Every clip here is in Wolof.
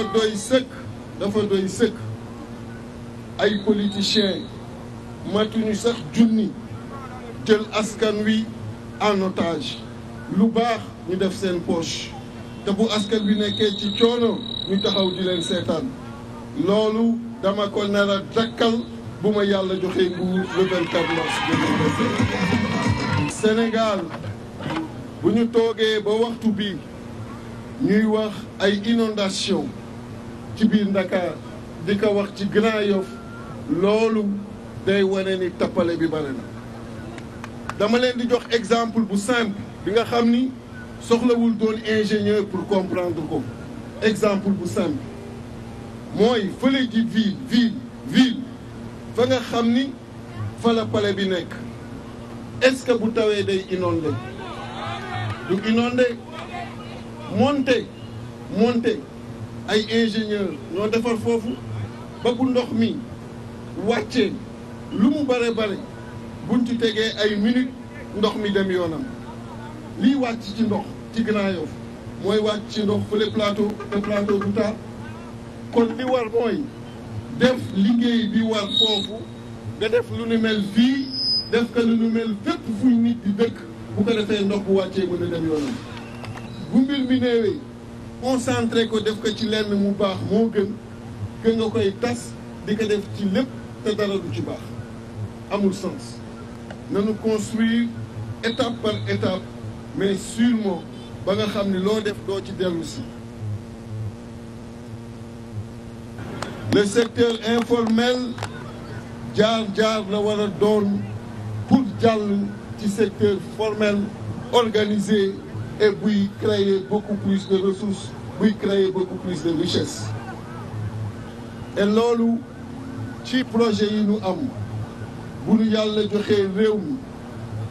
dafa doy sëkk dafa doy sëkk ay politiciens matuñu sax junni jël askan wi en otage lu baax ñu def seen poche te bu askan bi nekkee ci coono ñu taxaw di leen seetaan loolu dama ko nar a dakkal bu ma yàlla joxe nguur le 24 mars 2021 bu ñu toogee ba waxtu bi ñuy wax ay inondation ci biir Ndakaar di ko wax ci Grand Yoff loolu day wane ni tappale bi bare na dama leen di jox exemple bu simple bi nga xam ni soxlawul doon ingénieur pour comprendre ko exemple bu simple mooy fële ci ville ville ville fa nga xam ni fa bi nekk est-ce que bu tawee day inondé du inondé monté monté ay ingénieur ñoo defar foofu ba bu ndox mi wàccee lu mu bare bare buñ ci tegee ay minutes ndox mi dem yoonam lii wàcc ci ndox ci Grand mooy wàcc ci ndox fële plateau te plateau du taal kon li war mooy def liggéey bi war foofu nga def lu nu mel fii def ko lu nu mel fépp fuy nit di dëkk bu ko defee ndox bu wàccee mën a dem yoonam bu mi néewee concentré ko def ko ci lenn mu baax moo gën que nga koy tas di ko def ci lépp te dara du ci baax amul sens nanu construire étape par étape mais sûrement ba nga xam ni loo def doo ci dellu si le secteur informel jaar-jaar la war a doon pour jàll ci secteur formel organisé et puis créer beaucoup plus de ressources, puis créer beaucoup loolu ci projet yi ñu am bu ñu yàlla joxee réew mi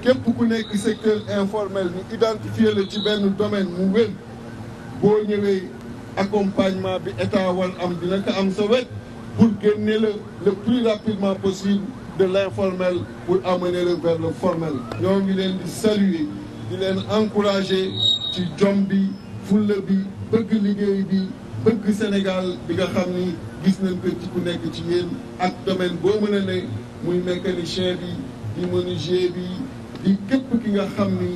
képp ku nekk secteur informel ñu identifier la ci benn domaine mu wér boo ñëwee accompagnement bi état war am dina ko am sa wet pour génne la le plus rapidement possible de l'informel pour amener le vers le formel ñoo ngi leen di saluer di leen encourager ci jom bi fulla bi bëgg liggéey bi bëgg Sénégal bi nga xam ni gis na ko ci ku nekk ci yéen ak domaine boo mën a ne muy mécanicien bi di menuisier bi di képp ki nga xam ni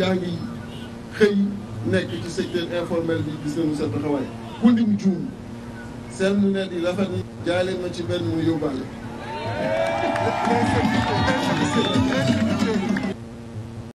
yaa ngi xëy nekk ci secteur informel bi gis nañu sa taxawaay ku lim juum seen net yi dafa ni jaale ma ci benn mu yóbbaale